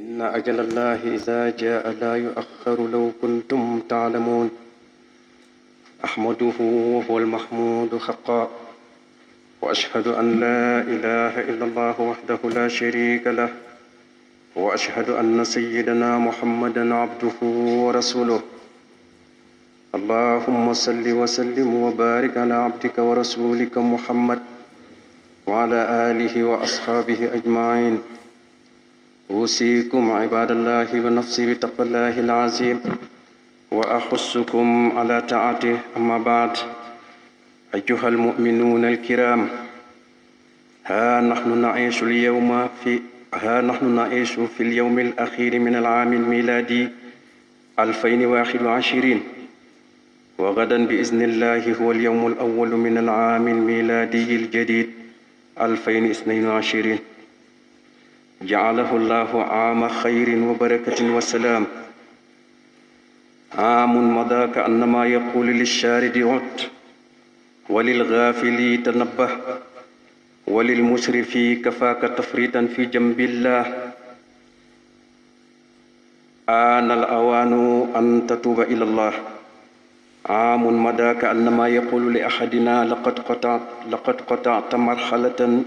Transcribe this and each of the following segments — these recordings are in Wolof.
إن أجل الله إذا جاء لا يؤخر لو كنتم تعلمون أحمده وهو المحمود حقا وأشهد أن لا إله إلا الله وحده لا شريك له وأشهد أن سيدنا محمدا عبده ورسوله اللهم صل وسلم وبارك على عبدك ورسولك محمد وعلى آله وأصحابه أجمعين أوصيكم عباد الله ونفسي بتقوى الله العظيم وأحثكم على طاعته أما بعد أيها المؤمنون الكرام ها نحن نعيش اليوم في ها نحن نعيش في اليوم الأخير من العام الميلادي 2021 وغدا بإذن الله هو اليوم الأول من العام الميلادي الجديد 2022 جعله الله عام خير وبركة وسلام عام مضى كأنما يقول للشارد عد وللغافل تنبه وللمسرف كفاك تفريطا في جنب الله آن الأوان أن تتوب إلى الله عام مدى كأنما يقول لأحدنا لقد قطعت لقد قطعت مرحلة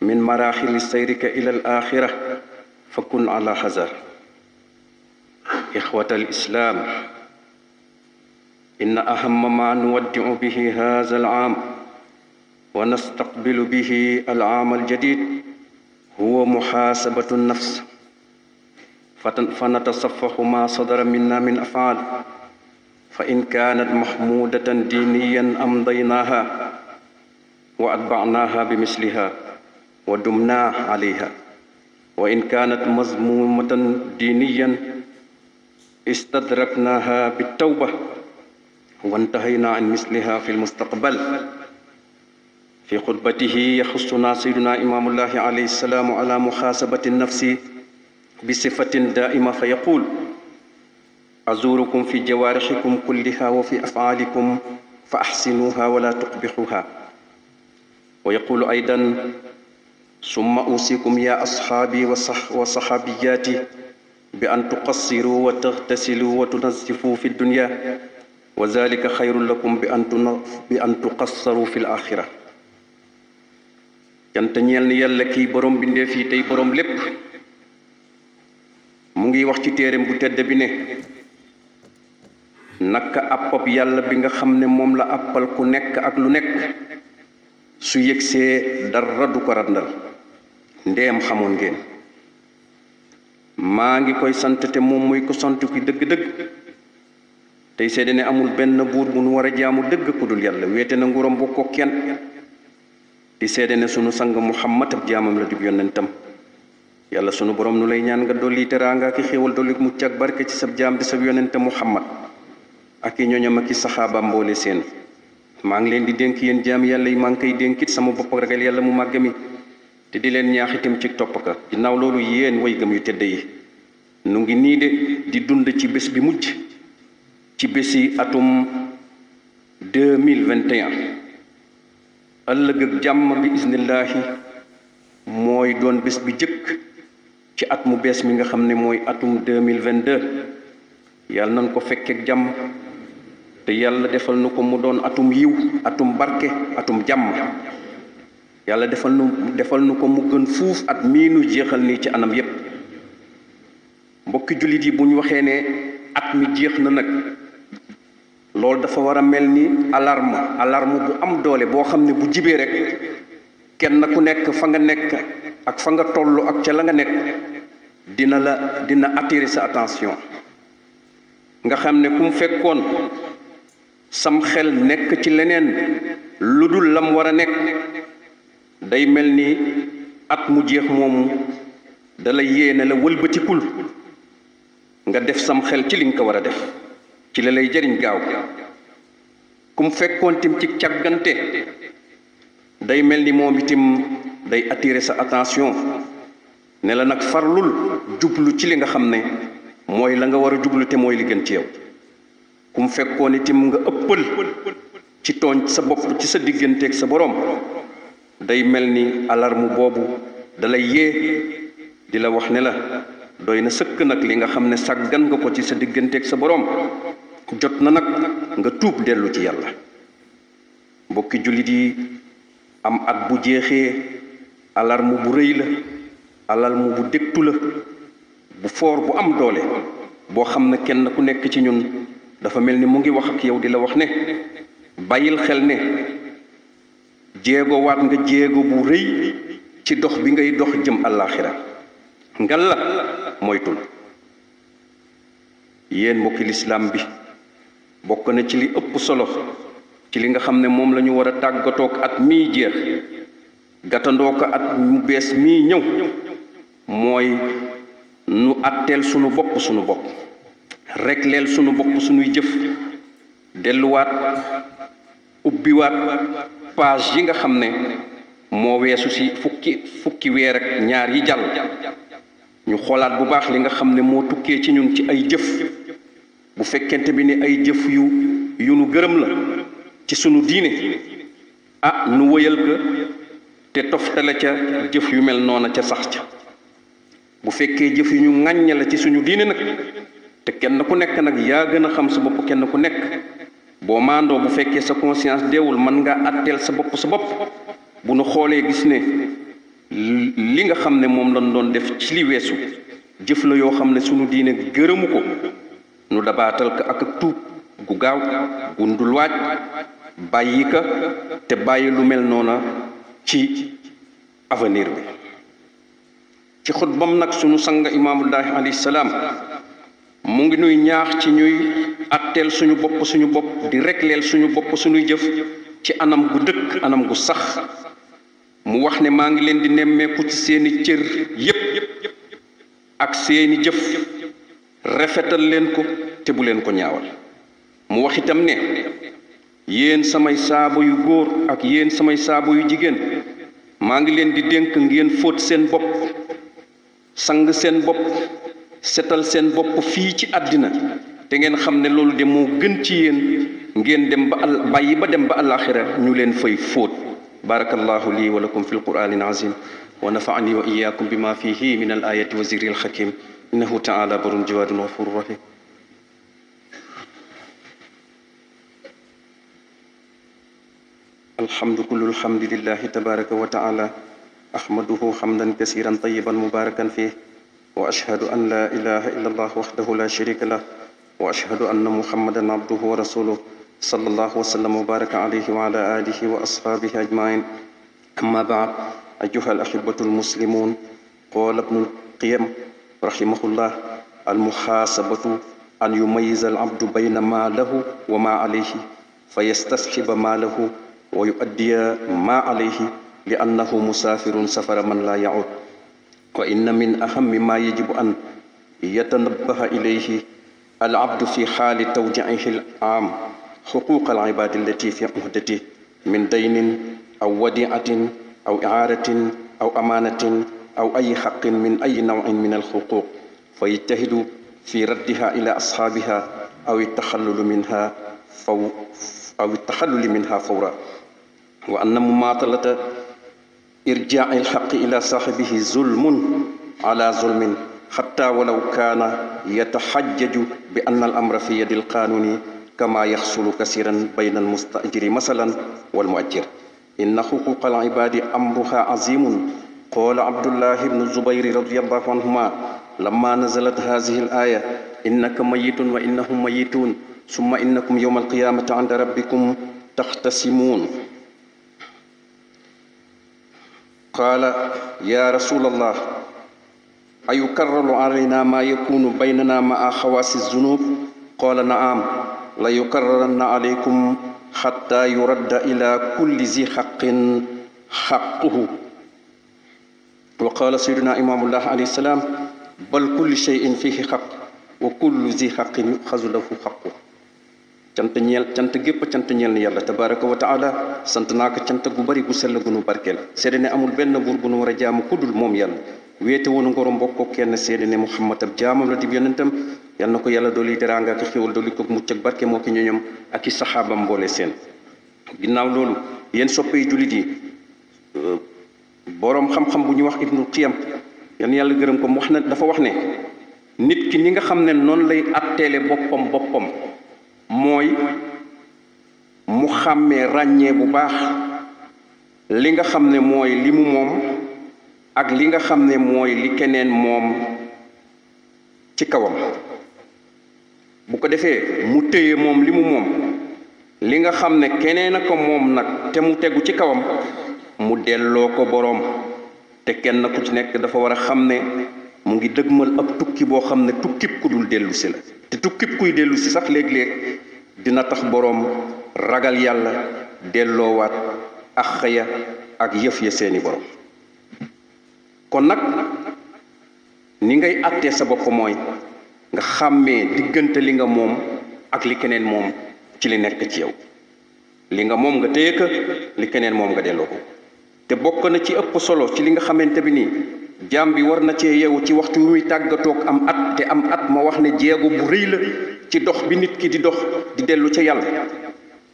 من مراحل سيرك إلى الآخرة فكن على حذر إخوة الإسلام إن أهم ما نودع به هذا العام ونستقبل به العام الجديد هو محاسبة النفس فنتصفح ما صدر منا من أفعال فإن كانت محمودة دينيا أمضيناها وأتبعناها بمثلها ودمنا عليها وإن كانت مذمومة دينيا استدركناها بالتوبة وانتهينا عن مثلها في المستقبل في خطبته يخصنا سيدنا إمام الله عليه السلام على محاسبة النفس بصفة دائمة فيقول أزوركم في جوارحكم كلها وفي أفعالكم فأحسنوها ولا تقبحوها ويقول أيضا ثم أوصيكم يا أصحابي وصح وصحابياتي بأن تقصروا وتغتسلوا وتنزفوا في الدنيا وذلك خير لكم بأن, بأن تقصروا في الآخرة ينتنيالني يالكي بروم بندي في تي بروم لب مونغي وقتي تيرم بوتد بني نك أبب يالا بيغا خمني مملا أبب الكونك أكلونك سيكسي دردو كرندل دردو كرندل ndeem xamoon ngeen maa ngi koy sant te moom muy ko sant ki dëgg-dëgg gunuware jamu ne amul benn buur bu nu war jaamu dëgg ku dul yàlla wéete na bu ko kenn di seede sunu sang muhammad ab jaamam la dib yonentam sunu borom nu lay ñaan nga dolli teraanga ak i xéewal dolli mucc barke ci sab jaam di sab yonente muhammad ak nyonya ñoñam ak i saxaaba mboole seen ngi leen di dénk yéen jaam yàlla yi maa ngi koy sama bopp ragal yàlla mu màgg mi te di leen ñaax ci topp ka ginnaaw loolu yéen way gëm yu tëdd yi nu ngi nii de di dund ci bés bi mujj ci bési atum 2021 ëllëg ak jàmm bi isnillahi mooy doon bés bi jëkk ci at mu bees mi nga xam ne mooy atum 2022 yàlla nañ ko fekkeek jàmm te yàlla defal nu ko mu doon atum yiw atum barke atum jàmm yàlla defal nu defal nu ko mu gën fuuf at mii nu jeexal nii ci anam yépp mbokki jullit yi bu ñu waxee ne at mi jeex na nag loolu dafa war a mel ni alarme alarme bu am doole boo xam ne bu jibee rek kenn ku nekk fa nga nekk ak fa nga toll ak ca la nga nekk dina la dina attirer sa attention nga xam ne ku mu fekkoon sam xel nekk ci leneen lu dul lam war a nekk day mel ni at mu jeex moomu dala yéene la wëlbatikul nga def sam xel ci li nga ko war a def ci la lay jariñ gaaw kum fekkoon tim ci càggante day mel ni moom itim day attirer sa attention ne la nag farlul jublu ci li nga xam ne mooy la nga war a jublu te mooy li gën ci yow kum fekkoon itim nga ëppal ci tooñ sa bopp ci sa digganteeg sa boroom day mel ni alarme boobu dalay yée di la wax ne la doy na sëkk nag li nga xam ne sàggan nga ko ci sa digganteeg sa boroom jot na nag nga tuub dellu ci yàlla mbokki jullit yi am at bu jeexee alarme bu rëy la alarme bu dégtu la bu foor bu am doole boo xam ne kenn ku nekk ci ñun dafa mel ni mu ngi wax ak yow di la wax ne bàyyil xel ne jéego waat nga jéego bu rëy ci dox bi ngay dox jëm àllaaxira ngal la moytul yéen mbokki bi bokk na ci li ëpp solo ci li nga ne moom la ñu at mii jeex ko at mu bees mii ñëw nu atel sunu bopp sunu rek lel sunu bopp sunuy jëf delluwaat page yi nga xam ne moo weesu ci fukki fukki weer ñaar yi jàll ñu xoolaat bu baax li nga xam ne moo tukkee ci ñun ci ay jëf bu fekkente bi ne ay jëf yu yu nu gërëm la ci suñu diine a ah, nu wëyal ko te toftale ca jëf yu mel noona ca sax ca bu fekkee jëf yu ñu ŋàññe la ci suñu diine nag te kenn ku nekk nag yaa gën a xam sa bopp kenn ku nekk boo maandoo bu fekkee sa conscience deewul mën nga atteel sa bopp sa bopp bu nu xoolee gis ne li nga xam ne moom lañ doon def ci li weesu jëf la yoo xam ne sunu diine gërëmu ko nu dabaatal ka ak tuub gu gaaw gundul waaj bàyyi ka te bàyyi lu mel noona ci avenir bi ci xutbam nag sunu sang imaamul daahi alayhi salaam mu ngi nuy ñaax ci ñuy atteel suñu bopp suñu bopp di regleel suñu bopp suñuy jëf ci anam gu dëkk anam gu sax mu wax ne maa ngi leen di nemmeeku ci seeni cër yépp ak seeni jëf rafetal leen ko te bu leen ko ñaawal mu wax itam ne yéen samay saaba yu góor ak yéen samay saaba yu jigéen maa ngi leen di dénk ngeen fóot seen bopp sang seen bopp setal sen bop fi ci adina te ngeen xamne lolou de mo gën ci yéen ngeen dem ba al bàyyi ba dem ba al-akhirah ñu leen fay fóot barakallahu li wa lakum fi lqur'ani azim wa nafa'ani wa iyyakum bima fihi min al-ayati wa zikril hakim innahu ta'ala barun jawadun furur rahim الحمد كل الحمد لله تبارك وتعالى أحمده حمدا كثيرا طيبا مباركا فيه وأشهد أن لا إله إلا الله وحده لا شريك له وأشهد أن محمدا عبده ورسوله صلى الله وسلم وبارك عليه وعلى آله وأصحابه أجمعين أما بعد أيها الأحبة المسلمون قال ابن القيم رحمه الله المحاسبة أن يميز العبد بين ما له وما عليه فيستصحب ما له ويؤدي ما عليه لأنه مسافر سفر من لا يعود فإن من أهم ما يجب أن يتنبه إليه العبد في حال توجعه العام حقوق العباد التي في عهدته من دين أو وديعة أو إعارة أو أمانة أو أي حق من أي نوع من الحقوق فيجتهد في ردها إلى أصحابها أو التخلل منها فو أو التخلل منها فورا وأن مماطلة إرجاع الحق إلى صاحبه ظلم على ظلم حتى ولو كان يتحجج بأن الأمر في يد القانون كما يحصل كثيرا بين المستأجر مثلا والمؤجر إن حقوق العباد أمرها عظيم قال عبد الله بن الزبير رضي الله عنهما لما نزلت هذه الآية إنك ميت وإنهم ميتون ثم إنكم يوم القيامة عند ربكم تختصمون قال يا رسول الله أيكرر علينا ما يكون بيننا مع خواص الذنوب قال نعم لا يكررن عليكم حتى يرد إلى كل ذي حق حقه وقال سيدنا إمام الله عليه السلام بل كل شيء فيه حق وكل ذي حق يؤخذ له حقه cant ñeel cant gépp cant ñeel ni yàlla tabaraka wa taala sant naa ko cant gu bari gu sell gu nu barkeel seede amul benn buur bu nu war a jaamu kuddul moom yàlla wéete woon ngoro mbokk kenn seede muhammad ab jaamam la dib yonentam yal na ko doli dooli ak xéwal dooli ko mucc ak barke moo ki ñoñom ak i saxaabam mboole seen soppe julit yi euh, borom xam-xam bu ñu wax ibnu qiyam yan yàlla gërëm ko wax na dafa wax ne nit ki ni nga xam ne lay mooy mu xàmmee ràññee bu baax li nga xam ne mooy li mu moom ak li nga xam ne mooy li keneen moom ci kawam bu ko defee mu téye moom li mu moom li nga xam ne keneen a ko moom nag te mu tegu ci kawam mu delloo ko boroom te kenn ku ci nekk dafa war a xam ne mu ngi dëgmal ab tukki boo xam ne tukkib ku dul dellu si la te tukkib kuy dellu si sax léeg-léeg dina tax boroom ragal yàlla delloowaat ax ya ak yëf ya seeni borom kon nag ni ngay àttee sa bopp mooy nga xàmmee diggante li nga moom ak li keneen moom ci li nekk ci yow li nga moom nga téye ko li keneen moom nga delloo ko te bokk na ci ëpp solo ci li nga xamante bi nii jaam bi war na cee yeewu ci waxtu wi tàggatook am at te am at ma wax ne jeego bu rëy la ci dox bi nit ki di dox di dellu ca yàlla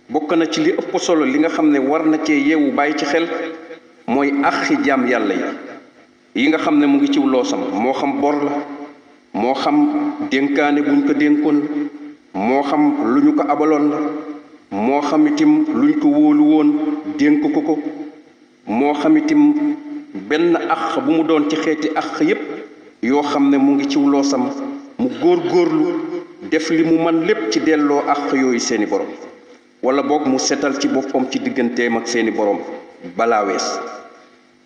bokk na ci li ëpp solo li nga xam ne war na cee yeewu bàyyi ci xel mooy axi jaam yàlla yi yi nga xam ne mu ngi ciw loosam moo xam bor la moo xam dénkaane buñ ko dénkoon moo xam lu ñu ko abaloon la moo xam itim luñ ko wóolu woon ko ko moo xam benn ax bu mu doon ci xeeti àq yépp yoo xam ne mu ngi ciw loosam mu góor góorlu def li mu man lépp ci delloo ax yooyu seeni borom wala boog mu setal ci boppam ci digganteem ak seeni borom balaa wees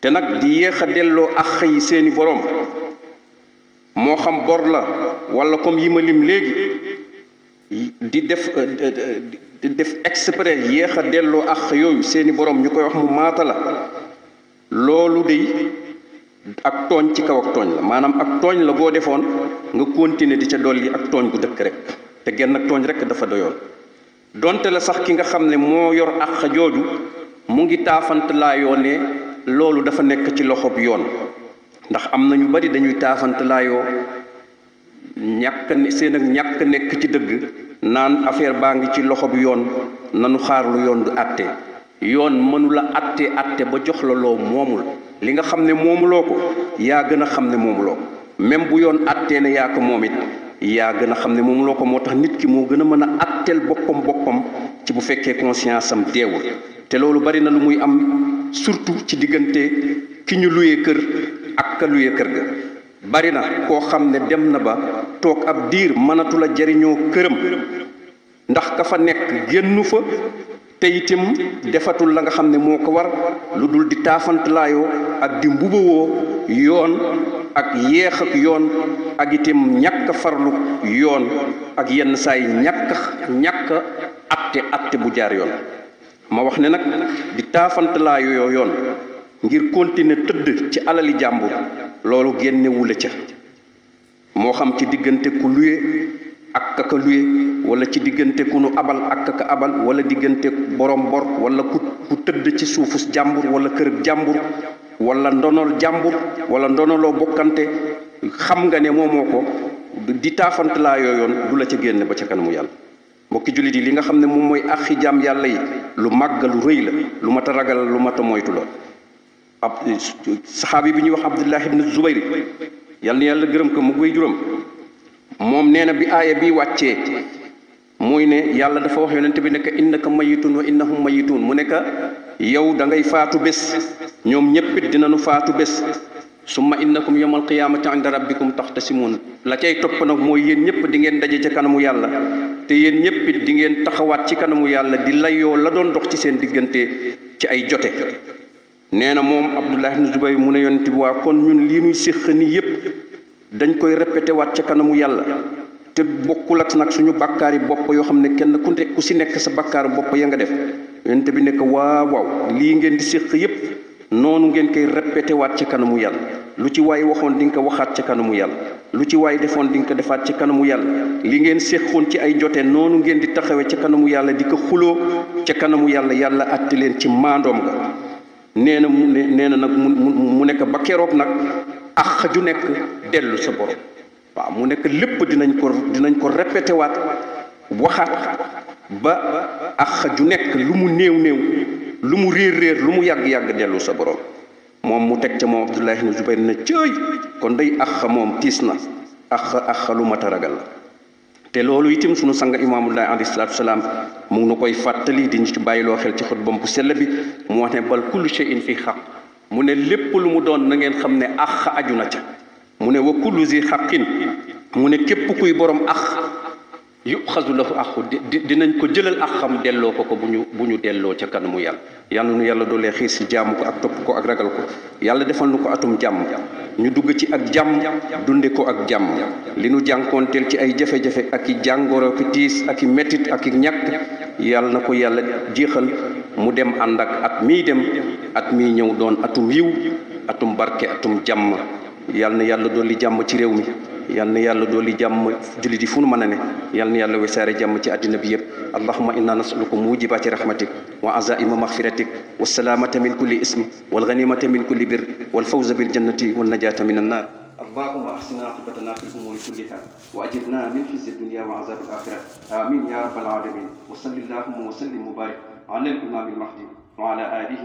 te nag di yéex a delloo ax yi seeni boroom moo xam bor la wala comme yi ma lim léegi di def euh, euh, di def exprès yéex a delloo ax yooyu seeni borom ñu koy wax mu maata la loolu de ak tooñ ci kaw ak tooñ la maanaam ak tooñ la boo defoon nga continuer di ca dolli ak tooñ gu dëkk rek te genn ak tooñ rek dafa doyoon donte la sax ki nga xam ne moo yor àq jooju mu ngi taafant laa loolu dafa nekk ci loxob yoon ndax am na ñu bari dañuy taafant laayoo ñàkk seen ak ñàkk nekk ci dëgg naan affaire baa ngi ci loxob yoon nanu xaar lu yoon du àtte yoon mënula atte atte ba jox la loo moomul li nga xam ne moomuloo ko yaa gën a xam ne moomuloo ko même bu yoon attee ne yaa ko moom it yaa gën a xam ne moomuloo ko moo tax nit ki moo gën a mën a atteel boppam boppam ci bu fekkee conscience sam deewul te loolu bari na lu muy am surtout ci diggante ki ñu luyee kër ak ka luyee kër ga bari na koo xam ne dem na ba toog ab diir mënatu la jariñoo këram ndax ka fa nekk génnu fa te itam defatul la nga xam ne moo ko war lu dul di taafantlaayoo ak di mbubawoo yoon ak yeex ak yoon ak itam ñàkk farlu yoon ak yenn saay ñàkk ñàkk atte atte bu jaar yoon ma wax ne di ngir continuer tëdd ci alali jàmbur loolu génnewula ca mo xam ci diggante ku luye ak kaka wala ci diggante ku nu abal ak ka abal wala diggante borom bor wala ku ku tëdd ci suufus jàmbur wala kër jàmbur wala ndonol jàmbur wala ndonoloo bokkante xam nga ne moomoo ko di taafant laa yooyoon du la ca génn ba ca kanamu yàlla mbokki jullit yi li nga xam ne moom mooy axi jaam yàlla yi lu màgg lu rëy la lu ma a ragal lu mat a moytu la saxaabi bi ñuy wax abdullah ibn zubayri yàlla yàlla gërëm ko mu koy juróom moom nee na bi aaya bi wàccee muy ne yàlla dafa wax yonent bi nekk innaka mayitun wa innahum mayitun mu nekk yow da ngay faatu bés ñoom ñéppit dinañu faatu bés su ma summa innakum yawmal qiyaamati inda rabbikum taxtasimuun la cay topp nag mooy yéen ñëpp di ngeen daje ca kanamu yàlla te yéen ñëppit di ngeen taxawaat ci kanamu yàlla di layoo la doon dox ci seen diggante ci ay jote nee na moom Abdullah ibn Zubayr mu ne yonent bi waa kon ñun lii nuy séq nii yépp dañ koy répété waat ca kanamu yàlla te bokkul ak nag suñu bàkkaar bopp yoo xam ne kenn ku nekk ku si nekk sa bàkkaaru bopp ya nga def yonent bi nekk waaw waaw lii ngeen di séq yépp noonu ngeen koy répété waat ci kanamu yàlla lu ci waay waxoon di nga ko waxaat ci kanamu yàlla lu ci waay defoon di nga ko defaat ci kanamu yàlla li ngeen séqoon ci ay jotee noonu ngeen di taxawe ci kanamu yàlla di ko xuloo ca kanamu yàlla yàlla àtte leen ci maandoom nga nee na mu nee na nag mu mu nekk ba keroog nag ax ju nekk dellu sa borom waaw mu nekk lépp dinañ ko dinañ ko répété waat waxaat ba ax ju nekk lu mu néew néew lu mu réer réer lu mu yàgg yàgg dellu sa borom moom mu teg ca moom Abdullah ibn Zubayr na cëy kon day ax moom tiis na ax ax lu mat la te loolu itam sunu sang imaamullahi alayhi salaatu salaam mu ngi nu koy fàttali di ñu ci bàyyiloo xel ci xutbam bu sell bi mu wax ne bal kullu shay'in fi xam mu ne lépp lu mu doon na ngeen xam ne ax aju na ca Mune ne wa kullu zi xaqin mu ne képp kuy borom ax yuxasu lahu axu dinañ ko jëlal akham dello delloo ko ko bu ñu bu ñu delloo ca kanamu yàlla yàlla nu yàlla doolee xiis ci ko ak ko ak ragal ko defal nu ko atum jàmm ñu dugg ci ak dunde ko ak jàmm li nu jànkoonteel ci ay jafe-jafe ak i jàngoro ki metit ak i mettit ak i ñàkk yàlla na ko mu dem at mii dem at mii ñëw doon atum yiw atum barke atum jàmm yalna yàlla doli jam ci rew mi yalna yàlla doli jam juliti di fu nu mën a ne yal na yàlla wesaare jàmm ci adina bi yeb allahumma inna nasaluka mujibati rahmatik wa azaima maghfiratik wasalaamata min kulli ismi wal ghanimata min kulli bir jannati wan najata minan nar اللهم احسن عاقبتنا في الامور كلها واجرنا من خزي الدنيا وعذاب الاخره امين يا رب العالمين وصل اللهم وسلم وبارك على الامام المهدي وعلى اله